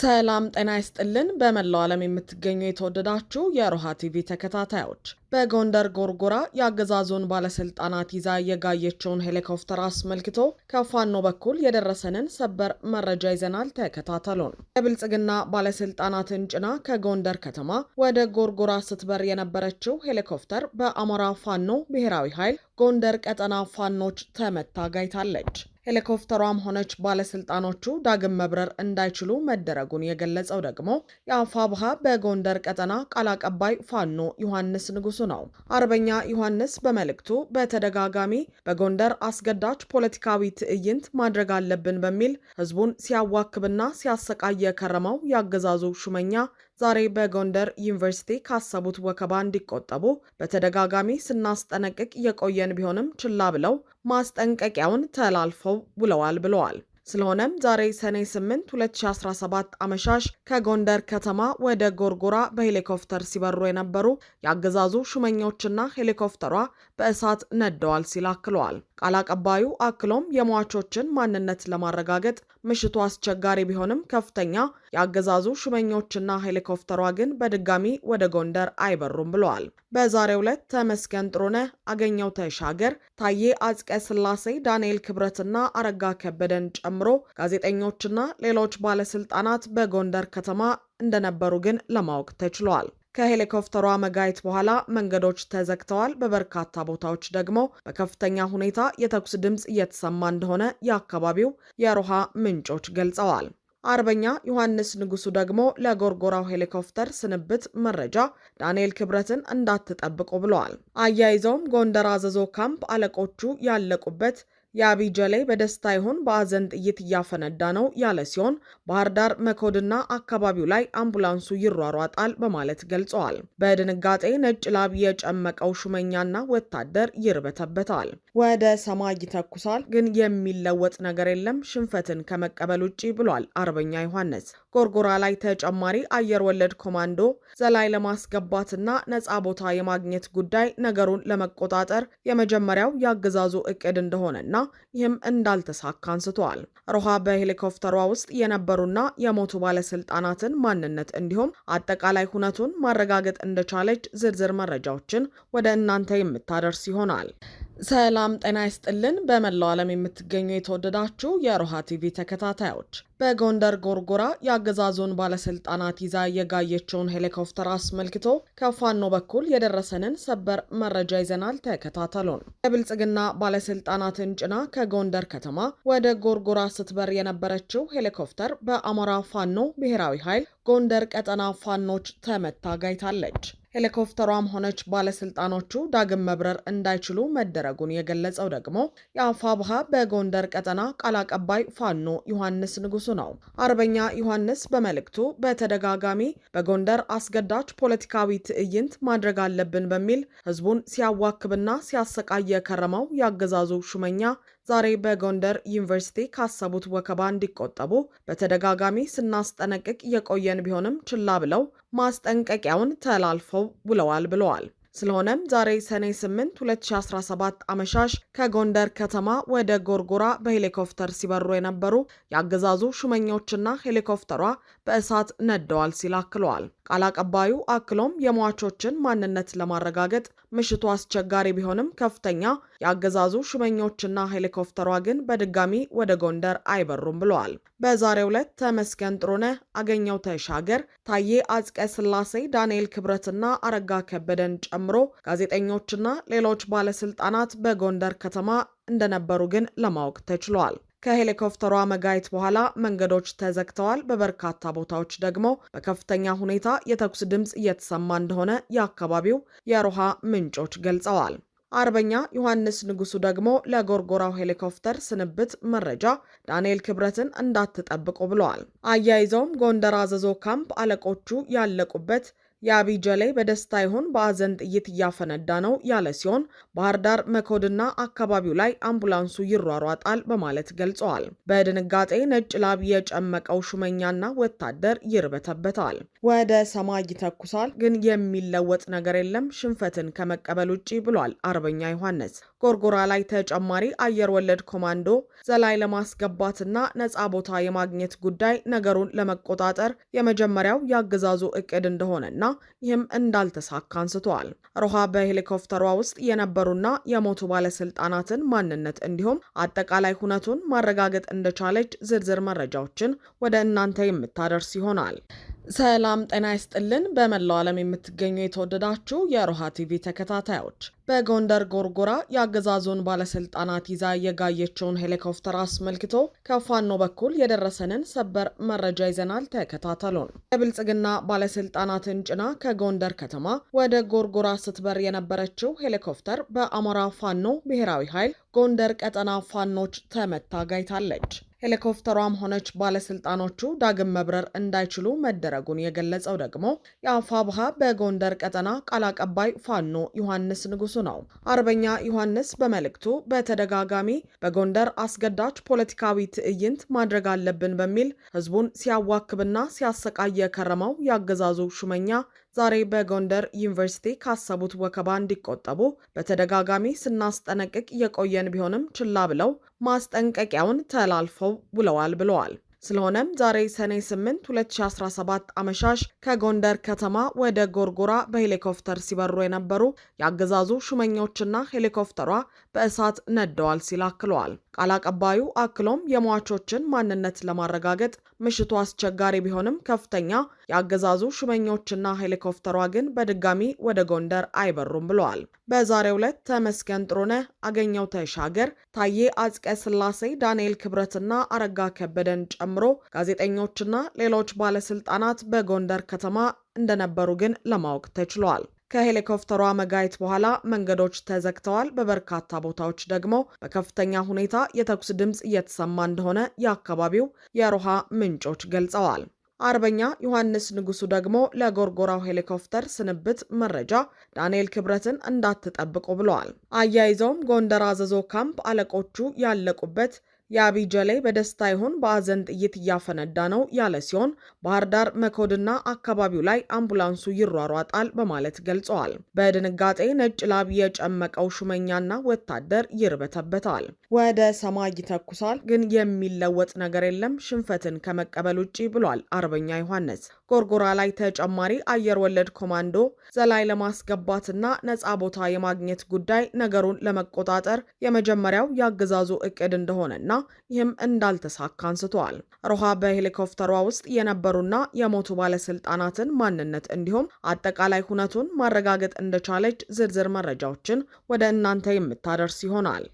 ሰላም ጤና ይስጥልን። በመላው ዓለም የምትገኙ የተወደዳችሁ የሮሃ ቲቪ ተከታታዮች በጎንደር ጎርጎራ የአገዛዙን ባለስልጣናት ይዛ የጋየችውን ሄሊኮፕተር አስመልክቶ ከፋኖ በኩል የደረሰንን ሰበር መረጃ ይዘናል። ተከታተሉን። የብልጽግና ባለስልጣናትን ጭና ከጎንደር ከተማ ወደ ጎርጎራ ስትበር የነበረችው ሄሊኮፕተር በአማራ ፋኖ ብሔራዊ ኃይል ጎንደር ቀጠና ፋኖች ተመታ ጋይታለች። ሄሊኮፕተሯም ሆነች ባለስልጣኖቹ ዳግም መብረር እንዳይችሉ መደረጉን የገለጸው ደግሞ የአፋብሃ በጎንደር ቀጠና ቃል አቀባይ ፋኖ ዮሐንስ ንጉሱ ነው። አርበኛ ዮሐንስ በመልእክቱ በተደጋጋሚ በጎንደር አስገዳጅ ፖለቲካዊ ትዕይንት ማድረግ አለብን በሚል ህዝቡን ሲያዋክብና ሲያሰቃየ ከረመው ያገዛዙ ሹመኛ ዛሬ በጎንደር ዩኒቨርሲቲ ካሰቡት ወከባ እንዲቆጠቡ በተደጋጋሚ ስናስጠነቅቅ የቆየን ቢሆንም ችላ ብለው ማስጠንቀቂያውን ተላልፈው ውለዋል ብለዋል። ስለሆነም ዛሬ ሰኔ 8 2017 አመሻሽ ከጎንደር ከተማ ወደ ጎርጎራ በሄሊኮፕተር ሲበሩ የነበሩ የአገዛዙ ሹመኞችና ሄሊኮፕተሯ በእሳት ነደዋል ሲል አክሏል። ቃል አቀባዩ አክሎም የሟቾችን ማንነት ለማረጋገጥ ምሽቱ አስቸጋሪ ቢሆንም ከፍተኛ የአገዛዙ ሽመኞችና ሄሊኮፕተሯ ግን በድጋሚ ወደ ጎንደር አይበሩም ብለዋል። በዛሬው ዕለት ተመስገን ጥሩነህ፣ አገኘው ተሻገር፣ ታዬ አጽቀ ስላሴ ዳንኤል ክብረትና አረጋ ከበደን ጨምሮ ጋዜጠኞችና ሌሎች ባለስልጣናት በጎንደር ከተማ እንደነበሩ ግን ለማወቅ ተችሏል። ከሄሊኮፕተሯ መጋየት በኋላ መንገዶች ተዘግተዋል። በበርካታ ቦታዎች ደግሞ በከፍተኛ ሁኔታ የተኩስ ድምፅ እየተሰማ እንደሆነ የአካባቢው የሮሃ ምንጮች ገልጸዋል። አርበኛ ዮሐንስ ንጉሱ ደግሞ ለጎርጎራው ሄሊኮፕተር ስንብት መረጃ ዳንኤል ክብረትን እንዳትጠብቁ ብለዋል። አያይዘውም ጎንደር አዘዞ ካምፕ አለቆቹ ያለቁበት የአብይ ጀሌ በደስታ ይሁን በአዘን ጥይት እያፈነዳ ነው ያለ ሲሆን ባህር ዳር መኮድና አካባቢው ላይ አምቡላንሱ ይሯሯጣል በማለት ገልጸዋል። በድንጋጤ ነጭ ላብ የጨመቀው ሹመኛና ወታደር ይርበተበታል። ወደ ሰማይ ይተኩሳል፣ ግን የሚለወጥ ነገር የለም ሽንፈትን ከመቀበል ውጭ ብሏል አርበኛ ዮሐንስ። ጎርጎራ ላይ ተጨማሪ አየር ወለድ ኮማንዶ ዘላይ ለማስገባትና ነፃ ቦታ የማግኘት ጉዳይ ነገሩን ለመቆጣጠር የመጀመሪያው የአገዛዙ እቅድ እንደሆነና ይህም እንዳልተሳካ አንስተዋል። ሮሃ በሄሊኮፕተሯ ውስጥ የነበሩና የሞቱ ባለስልጣናትን ማንነት እንዲሁም አጠቃላይ ሁነቱን ማረጋገጥ እንደቻለች ዝርዝር መረጃዎችን ወደ እናንተ የምታደርስ ይሆናል። ሰላም ጤና ይስጥልን። በመላው ዓለም የምትገኙ የተወደዳችሁ የሮሃ ቲቪ ተከታታዮች በጎንደር ጎርጎራ የአገዛዙን ባለስልጣናት ይዛ የጋየችውን ሄሊኮፕተር አስመልክቶ ከፋኖ በኩል የደረሰንን ሰበር መረጃ ይዘናል። ተከታተሉን። የብልጽግና ባለስልጣናትን ጭና ከጎንደር ከተማ ወደ ጎርጎራ ስትበር የነበረችው ሄሊኮፕተር በአማራ ፋኖ ብሔራዊ ኃይል ጎንደር ቀጠና ፋኖች ተመታ ጋይታለች። ሄሊኮፕተሯም ሆነች ባለስልጣኖቹ ዳግም መብረር እንዳይችሉ መደረጉን የገለጸው ደግሞ የአፋብሃ በጎንደር ቀጠና ቃል አቀባይ ፋኖ ዮሐንስ ንጉሱ ነው። አርበኛ ዮሐንስ በመልእክቱ በተደጋጋሚ በጎንደር አስገዳጅ ፖለቲካዊ ትዕይንት ማድረግ አለብን በሚል ህዝቡን ሲያዋክብና ሲያሰቃየ ከረመው የአገዛዙ ሹመኛ ዛሬ በጎንደር ዩኒቨርሲቲ ካሰቡት ወከባ እንዲቆጠቡ በተደጋጋሚ ስናስጠነቅቅ የቆየን ቢሆንም ችላ ብለው ማስጠንቀቂያውን ተላልፈው ውለዋል ብለዋል። ስለሆነም ዛሬ ሰኔ 8 2017 አመሻሽ ከጎንደር ከተማ ወደ ጎርጎራ በሄሊኮፕተር ሲበሩ የነበሩ የአገዛዙ ሹመኞችና ሄሊኮፕተሯ በእሳት ነደዋል ሲል አክለዋል። ቃል አቀባዩ አክሎም የሟቾችን ማንነት ለማረጋገጥ ምሽቱ አስቸጋሪ ቢሆንም ከፍተኛ የአገዛዙ ሽመኞችና ሄሊኮፕተሯ ግን በድጋሚ ወደ ጎንደር አይበሩም ብለዋል። በዛሬው ዕለት ተመስገን ጥሩነህ፣ አገኘው ተሻገር፣ ታዬ አጽቀ ስላሴ፣ ዳንኤል ክብረትና አረጋ ከበደን ጨምሮ ጋዜጠኞችና ሌሎች ባለስልጣናት በጎንደር ከተማ እንደነበሩ ግን ለማወቅ ተችሏል። ከሄሊኮፕተሯ መጋየት በኋላ መንገዶች ተዘግተዋል። በበርካታ ቦታዎች ደግሞ በከፍተኛ ሁኔታ የተኩስ ድምፅ እየተሰማ እንደሆነ የአካባቢው የሮሃ ምንጮች ገልጸዋል። አርበኛ ዮሐንስ ንጉሱ ደግሞ ለጎርጎራው ሄሊኮፕተር ስንብት መረጃ ዳንኤል ክብረትን እንዳትጠብቁ ብለዋል። አያይዘውም ጎንደር አዘዞ ካምፕ አለቆቹ ያለቁበት የአብይ ጀሌ በደስታ ይሁን በአዘን ጥይት እያፈነዳ ነው ያለ ሲሆን ባህር ዳር መኮድና አካባቢው ላይ አምቡላንሱ ይሯሯጣል በማለት ገልጸዋል። በድንጋጤ ነጭ ላብ የጨመቀው ሹመኛና ወታደር ይርበተበታል። ወደ ሰማይ ይተኩሳል፣ ግን የሚለወጥ ነገር የለም ሽንፈትን ከመቀበል ውጭ ብሏል አርበኛ ዮሐንስ። ጎርጎራ ላይ ተጨማሪ አየር ወለድ ኮማንዶ ዘላይ ለማስገባትና ነፃ ቦታ የማግኘት ጉዳይ ነገሩን ለመቆጣጠር የመጀመሪያው የአገዛዙ እቅድ እንደሆነና ይህም እንዳልተሳካ አንስተዋል። ሮሃ በሄሊኮፕተሯ ውስጥ የነበሩና የሞቱ ባለስልጣናትን ማንነት እንዲሁም አጠቃላይ ሁነቱን ማረጋገጥ እንደቻለች ዝርዝር መረጃዎችን ወደ እናንተ የምታደርስ ይሆናል። ሰላም ጤና ይስጥልን። በመላው ዓለም የምትገኙ የተወደዳችሁ የሮሃ ቲቪ ተከታታዮች በጎንደር ጎርጎራ የአገዛዙን ባለስልጣናት ይዛ የጋየችውን ሄሊኮፕተር አስመልክቶ ከፋኖ በኩል የደረሰንን ሰበር መረጃ ይዘናል። ተከታተሉን። የብልጽግና ባለስልጣናትን ጭና ከጎንደር ከተማ ወደ ጎርጎራ ስትበር የነበረችው ሄሊኮፕተር በአማራ ፋኖ ብሔራዊ ኃይል ጎንደር ቀጠና ፋኖች ተመታ ጋይታለች። ሄሊኮፕተሯም ሆነች ባለስልጣኖቹ ዳግም መብረር እንዳይችሉ መደረጉን የገለጸው ደግሞ የአፋብሃ በጎንደር ቀጠና ቃል አቀባይ ፋኖ ዮሐንስ ንጉሱ እሱ ነው። አርበኛ ዮሐንስ በመልእክቱ በተደጋጋሚ በጎንደር አስገዳጅ ፖለቲካዊ ትዕይንት ማድረግ አለብን በሚል ህዝቡን ሲያዋክብና ሲያሰቃየ የከረመው ያገዛዙ ሹመኛ ዛሬ በጎንደር ዩኒቨርሲቲ ካሰቡት ወከባ እንዲቆጠቡ በተደጋጋሚ ስናስጠነቅቅ የቆየን ቢሆንም ችላ ብለው ማስጠንቀቂያውን ተላልፈው ውለዋል ብለዋል። ስለሆነም ዛሬ ሰኔ 8 2017 አመሻሽ ከጎንደር ከተማ ወደ ጎርጎራ በሄሊኮፕተር ሲበሩ የነበሩ የአገዛዙ ሹመኞችና ሄሊኮፕተሯ በእሳት ነደዋል ሲል አክለዋል። ቃል አቀባዩ አክሎም የሟቾችን ማንነት ለማረጋገጥ ምሽቱ አስቸጋሪ ቢሆንም ከፍተኛ የአገዛዙ ሽመኞችና ሄሊኮፕተሯ ግን በድጋሚ ወደ ጎንደር አይበሩም ብለዋል። በዛሬው ዕለት ተመስገን ጥሩነ፣ አገኘው ተሻገር፣ ታዬ አጽቀ ስላሴ፣ ዳንኤል ክብረትና አረጋ ከበደን ጨምሮ ጋዜጠኞችና ሌሎች ባለስልጣናት በጎንደር ከተማ እንደነበሩ ግን ለማወቅ ተችሏል። ከሄሊኮፕተሯ መጋየት በኋላ መንገዶች ተዘግተዋል። በበርካታ ቦታዎች ደግሞ በከፍተኛ ሁኔታ የተኩስ ድምፅ እየተሰማ እንደሆነ የአካባቢው የሮሃ ምንጮች ገልጸዋል። አርበኛ ዮሐንስ ንጉሱ ደግሞ ለጎርጎራው ሄሊኮፕተር ስንብት መረጃ ዳንኤል ክብረትን እንዳትጠብቁ ብለዋል። አያይዘውም ጎንደር አዘዞ ካምፕ አለቆቹ ያለቁበት የአብይ ጀሌ በደስታ ይሁን በአዘን ጥይት እያፈነዳ ነው ያለ ሲሆን ባህር ዳር መኮድና አካባቢው ላይ አምቡላንሱ ይሯሯጣል በማለት ገልጸዋል። በድንጋጤ ነጭ ላብ የጨመቀው ሹመኛና ወታደር ይርበተበታል። ወደ ሰማይ ይተኩሳል፣ ግን የሚለወጥ ነገር የለም ሽንፈትን ከመቀበል ውጭ ብሏል አርበኛ ዮሐንስ። ጎርጎራ ላይ ተጨማሪ አየር ወለድ ኮማንዶ ዘላይ ለማስገባትና ነፃ ቦታ የማግኘት ጉዳይ ነገሩን ለመቆጣጠር የመጀመሪያው የአገዛዙ እቅድ እንደሆነና ይህም እንዳልተሳካ አንስተዋል። ሮሃ በሄሊኮፕተሯ ውስጥ የነበሩና የሞቱ ባለስልጣናትን ማንነት እንዲሁም አጠቃላይ ሁነቱን ማረጋገጥ እንደቻለች ዝርዝር መረጃዎችን ወደ እናንተ የምታደርስ ይሆናል።